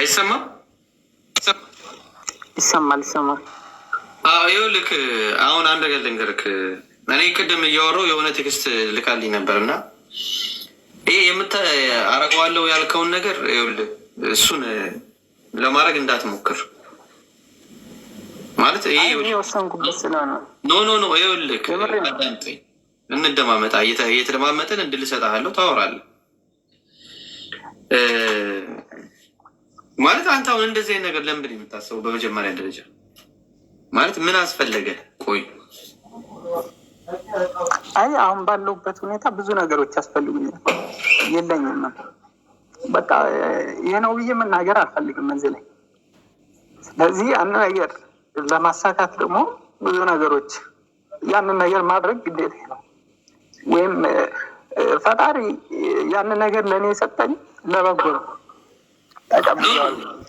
አይሰማም? ይሰማል። ይሰማል። ይኸው ልክ አሁን አንድ ነገር ልንገርክ። እኔ ቅድም እያወራሁ የሆነ ቴክስት ልካልኝ ነበር እና ይህ የምታረገዋለው ያልከውን ነገር ይኸውልህ እሱን ለማድረግ እንዳትሞክር ማለት ኖ ኖ ኖ ይኸውልህ እንደማመጣ እየተደማመጥን እንድልሰጣለሁ ታወራለህ ማለት አንተ አሁን እንደዚህ አይነት ነገር ለምንድን ነው የምታስበው? በመጀመሪያ ደረጃ ማለት ምን አስፈለገ? ቆይ አይ አሁን ባለውበት ሁኔታ ብዙ ነገሮች ያስፈልጉኛል፣ የለኝም። በቃ ይሄ ነው ብዬ መናገር አልፈልግም እዚህ ላይ። ስለዚህ ያንን ነገር ለማሳካት ደግሞ ብዙ ነገሮች ያንን ነገር ማድረግ ግዴታ ነው ወይም ፈጣሪ ያንን ነገር ለእኔ የሰጠኝ ለበጎ ነው። አሁን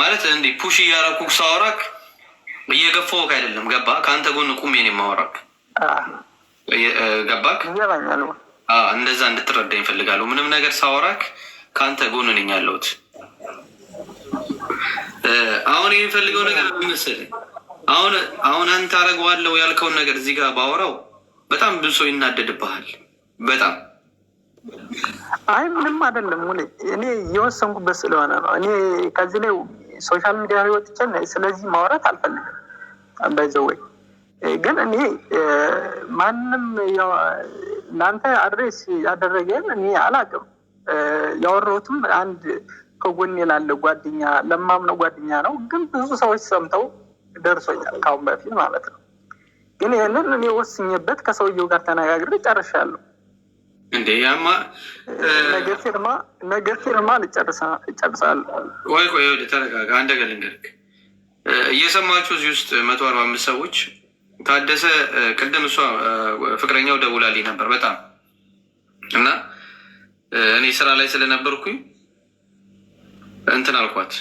ማለት እንዲህ ፑሽ እያረኩህ ሳወራክ እየገፋሁህ አይደለም። ገባ ከአንተ ጎን ቁሜ ነው የማወራክ። ገባክ? እንደዛ እንድትረዳኝ እፈልጋለሁ። ምንም ነገር ሳወራክ ከአንተ ጎን ነኝ ያለሁት። አሁን ይህ የምፈልገው ነገር መሰለኝ አሁን አሁን አንተ አደርገዋለሁ ያልከውን ነገር እዚህ ጋር ባወራው በጣም ብዙ ሰው ይናደድብሃል በጣም አይ ምንም አይደለም። እኔ የወሰንኩበት ስለሆነ ነው። እኔ ከዚህ ላይ ሶሻል ሚዲያ ህይወትችን ስለዚህ ማውራት አልፈልግም። በዚው ወይ ግን እኔ ማንም እናንተ አድሬስ ያደረገን እኔ አላቅም። ያወራሁትም አንድ ከጎኔ ላለ ጓደኛ ለማምነው ጓደኛ ነው። ግን ብዙ ሰዎች ሰምተው ደርሶኛል፣ ካሁን በፊት ማለት ነው። ግን ይህንን እኔ ወስኜበት ከሰውየው ጋር ተነጋግሬ ጨርሻለሁ። እንዴ ያማ ነገ ፊርማ ልጨርሳል። ወይ ቆይ ተረጋጋ። አንድ ነገር ልንገርክ፣ እየሰማችሁ እዚህ ውስጥ መቶ አርባ አምስት ሰዎች ታደሰ ቅድም እሷ ፍቅረኛው ደውላልኝ ነበር በጣም እና እኔ ስራ ላይ ስለነበርኩኝ እንትን አልኳት።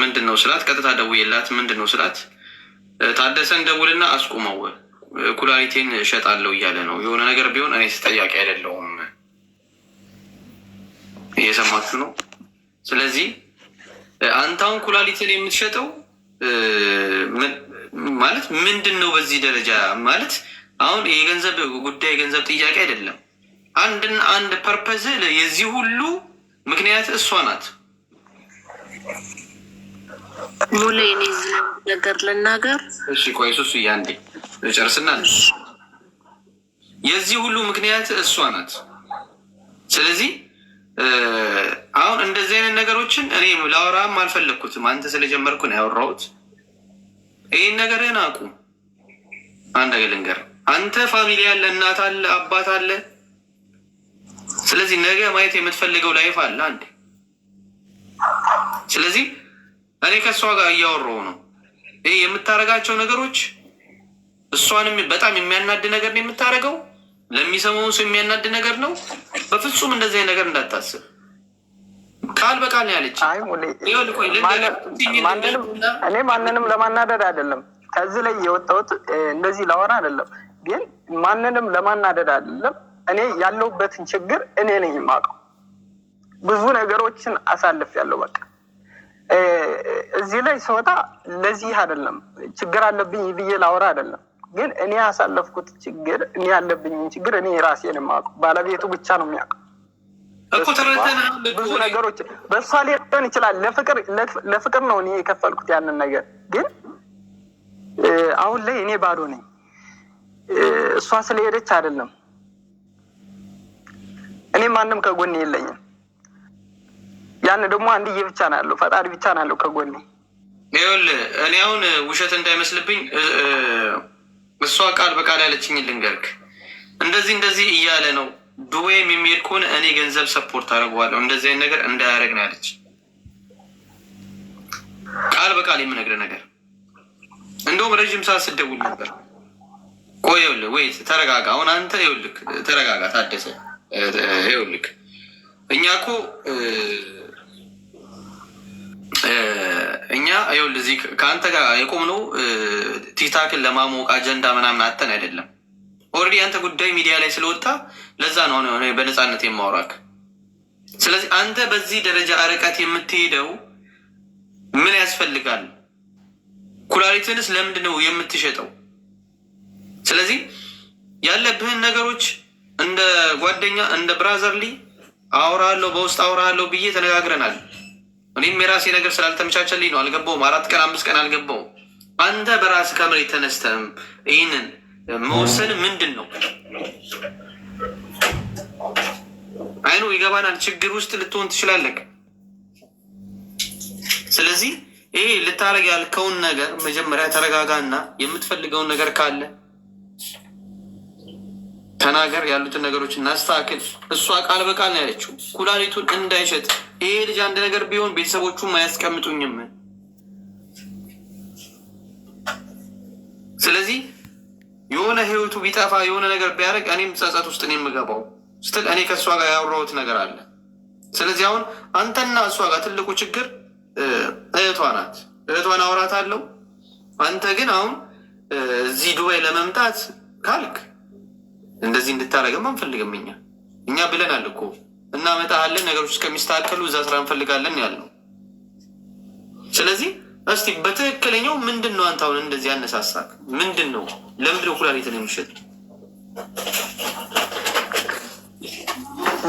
ምንድን ነው ስላት፣ ቀጥታ ደውዬላት ምንድን ነው ስላት፣ ታደሰን ደውልና አስቁመው ኩላሊቴን እሸጣለሁ እያለ ነው የሆነ ነገር ቢሆን እኔ ተጠያቂ አይደለውም። እየሰማችሁ ነው። ስለዚህ አንታውን ኩላሊትን የምትሸጠው ማለት ምንድን ነው? በዚህ ደረጃ ማለት አሁን የገንዘብ ጉዳይ የገንዘብ ጥያቄ አይደለም። አንድን አንድ ፐርፐዝ የዚህ ሁሉ ምክንያት እሷ ናት። ሙሉ የኔ ነገር ልናገር። እሺ ቆይ ሱሱ እያንዴ ጨርስና የዚህ ሁሉ ምክንያት እሷ ናት። ስለዚህ አሁን እንደዚህ አይነት ነገሮችን እኔ ላወራም አልፈለግኩትም። አንተ ስለጀመርኩ ነው ያወራሁት። ይህን ነገርህን አቁም። አንድ ነገር ልንገርህ፣ አንተ ፋሚሊ አለ፣ እናት አለ፣ አባት አለ። ስለዚህ ነገ ማየት የምትፈልገው ላይፍ አለ አንዴ። ስለዚህ እኔ ከእሷ ጋር እያወራሁ ነው። ይህ የምታደርጋቸው ነገሮች እሷንም በጣም የሚያናድ ነገር ነው የምታደርገው። ለሚሰማውን ሰው የሚያናድ ነገር ነው። በፍጹም እንደዚህ ነገር እንዳታስብ። ቃል በቃል ያለች እኔ ማንንም ለማናደድ አይደለም ከዚህ ላይ የወጣሁት እንደዚህ ላወራ አይደለም፣ ግን ማንንም ለማናደድ አይደለም። እኔ ያለሁበትን ችግር እኔ ነኝ የማውቀው። ብዙ ነገሮችን ያለው በቃ እዚህ ላይ ስወጣ ለዚህ አይደለም ችግር አለብኝ ብዬ ላወራ አይደለም ግን እኔ ያሳለፍኩት ችግር እኔ ያለብኝን ችግር እኔ ራሴን ማቁ ባለቤቱ ብቻ ነው የሚያውቀው። ብዙ ነገሮች በእሷ ሊሆን ይችላል። ለፍቅር ነው እኔ የከፈልኩት ያንን ነገር። ግን አሁን ላይ እኔ ባዶ ነኝ። እሷ ስለሄደች አይደለም እኔ ማንም ከጎኔ የለኝም። ያን ደግሞ አንድዬ ብቻ ነው ያለው፣ ፈጣሪ ብቻ ነው ያለው ከጎኔ። ይኸውልህ እኔ አሁን ውሸት እንዳይመስልብኝ እሷ ቃል በቃል ያለችኝ ልንገርክ፣ እንደዚህ እንደዚህ እያለ ነው ዱባይም የሚሄድ ከሆነ እኔ ገንዘብ ሰፖርት አደርገዋለሁ፣ እንደዚህ አይነት ነገር እንዳያደርግ ነው ያለች። ቃል በቃል የምነግርህ ነገር እንደውም ረዥም ሰዓት ስደውል ነበር። ቆይ ይኸውልህ፣ ወይ ተረጋጋ። አሁን አንተ ይኸውልህ፣ ተረጋጋ ታደሰ፣ ይኸውልህ እኛ እኮ ይኸው እዚህ ከአንተ ጋር የቆምነው ቲክታክን ለማሞቅ አጀንዳ ምናምን አተን አይደለም። ኦልሬዲ አንተ ጉዳይ ሚዲያ ላይ ስለወጣ ለዛ ነው ሆነ በነፃነት የማውራክ። ስለዚህ አንተ በዚህ ደረጃ ርቀት የምትሄደው ምን ያስፈልጋል? ኩላሊትንስ ለምንድን ነው የምትሸጠው? ስለዚህ ያለብህን ነገሮች እንደ ጓደኛ እንደ ብራዘርሊ አውራለሁ በውስጥ አውራለሁ ብዬ ተነጋግረናል። እኔም የራሴ ነገር ስላልተመቻቸልኝ ነው። አልገባውም። አራት ቀን አምስት ቀን አልገባውም። አንተ በራስ ከምር የተነስተም ይህንን መወሰን ምንድን ነው? አይኑ ይገባናል። ችግር ውስጥ ልትሆን ትችላለህ። ስለዚህ ይሄ ልታረግ ያልከውን ነገር መጀመሪያ ተረጋጋና የምትፈልገውን ነገር ካለ ተናገር፣ ያሉትን ነገሮች እናስተካክል። እሷ ቃል በቃል ነው ያለችው፣ ኩላሊቱን እንዳይሸጥ። ይሄ ልጅ አንድ ነገር ቢሆን ቤተሰቦቹም አያስቀምጡኝም። ስለዚህ የሆነ ህይወቱ ቢጠፋ የሆነ ነገር ቢያደርግ እኔም ጸጸት ውስጥ ነው የምገባው ስትል እኔ ከእሷ ጋር ያወራሁት ነገር አለ። ስለዚህ አሁን አንተና እሷ ጋር ትልቁ ችግር እህቷ ናት። እህቷን አውራት አለው። አንተ ግን አሁን እዚህ ዱባይ ለመምጣት ካልክ እንደዚህ እንድታረግም አንፈልግም። እኛ እኛ ብለናል እኮ እናመጣሃለን፣ ነገሮች እስከሚስተካከሉ እዛ ስራ እንፈልጋለን ያልነው። ስለዚህ እስቲ በትክክለኛው ምንድን ነው አንተ አሁን እንደዚህ ያነሳሳክ ምንድን ነው? ለምንድን ነው ኩላሊትን የሚሸጥ?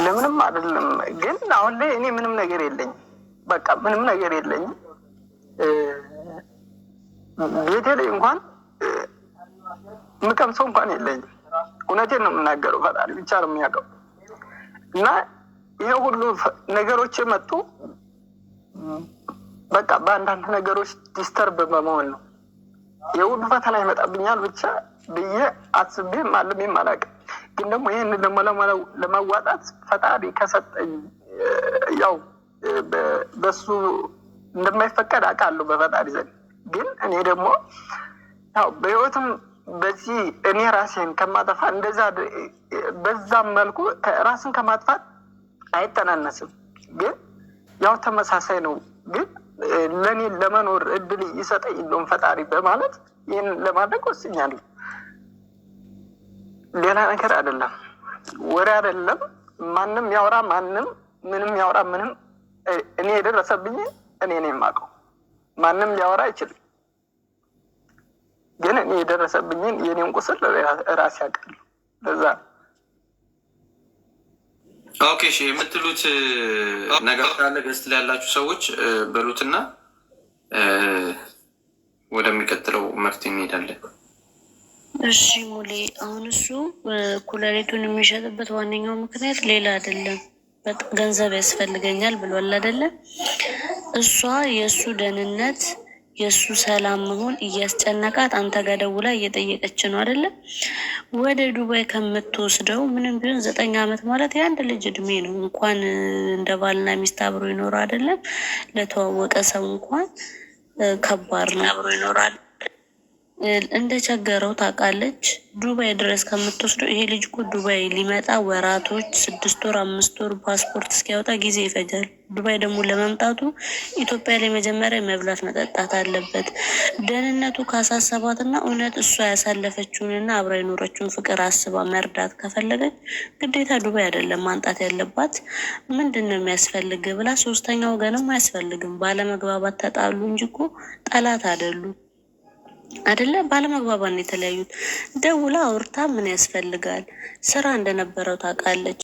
ለምንም አይደለም። ግን አሁን ላይ እኔ ምንም ነገር የለኝም፣ በቃ ምንም ነገር የለኝም። ቤቴ ላይ እንኳን ምቀምሰው እንኳን የለኝም። እውነቴን ነው የምናገረው። ፈጣሪ ብቻ ነው የሚያውቀው። እና ይህ ሁሉ ነገሮች የመጡ በቃ በአንዳንድ ነገሮች ዲስተርብ በመሆን ነው። የሁሉ ፈተና ይመጣብኛል ብቻ ብዬ አስቤ አልሜም አላውቅም። ግን ደግሞ ይህን ደግሞ ለመዋጣት ፈጣሪ ከሰጠኝ ያው በሱ እንደማይፈቀድ አውቃለሁ በፈጣሪ ዘንድ። ግን እኔ ደግሞ ያው በህይወትም በዚህ እኔ ራሴን ከማጠፋ እንደዛ በዛም መልኩ ራስን ከማጥፋት አይጠናነስም፣ ግን ያው ተመሳሳይ ነው። ግን ለእኔ ለመኖር እድል ይሰጠኝ የለውም ፈጣሪ በማለት ይህን ለማድረግ ወስኛለሁ። ሌላ ነገር አይደለም፣ ወሬ አይደለም። ማንም ያውራ ማንም ምንም ያውራ ምንም፣ እኔ የደረሰብኝ እኔ ነው የማውቀው። ማንም ሊያወራ አይችልም። ግን እኔ የደረሰብኝን የእኔን ቁስል ራሴ አውቃለሁ። ለዛ ኦኬ፣ እሺ የምትሉት ነገር ካለ ገስት ላይ ያላችሁ ሰዎች በሉትና ወደሚቀጥለው መፍትሄ እንሄዳለን። እሺ ሙሌ፣ አሁን እሱ ኩላሊቱን የሚሸጥበት ዋነኛው ምክንያት ሌላ አይደለም፣ ገንዘብ ያስፈልገኛል ብሏል አይደለም? እሷ የእሱ ደህንነት የእሱ ሰላም መሆን እያስጨነቃት አንተ ጋር ደውላ እየጠየቀች ነው አይደለም። ወደ ዱባይ ከምትወስደው ምንም ቢሆን ዘጠኝ ዓመት ማለት የአንድ ልጅ እድሜ ነው። እንኳን እንደ ባልና ሚስት አብሮ ይኖረው አይደለም፣ ለተዋወቀ ሰው እንኳን ከባድ ነው። አብሮ ይኖራል እንደቸገረው ታውቃለች። ዱባይ ድረስ ከምትወስደው ይሄ ልጅ እኮ ዱባይ ሊመጣ ወራቶች፣ ስድስት ወር፣ አምስት ወር ፓስፖርት እስኪያወጣ ጊዜ ይፈጃል። ዱባይ ደግሞ ለመምጣቱ ኢትዮጵያ ላይ መጀመሪያ መብላት መጠጣት አለበት። ደህንነቱ ካሳሰባትና እውነት እሷ ያሳለፈችውንና አብራ የኖረችውን ፍቅር አስባ መርዳት ከፈለገች ግዴታ ዱባይ አይደለም ማንጣት ያለባት። ምንድን ነው የሚያስፈልግ ብላ ሶስተኛ ወገንም አያስፈልግም። ባለመግባባት ተጣሉ እንጂ እኮ ጠላት አይደሉም። አደለ ባለመግባባት ነው የተለያዩት። ደውላ አውርታ ምን ያስፈልጋል ስራ እንደነበረው ታውቃለች።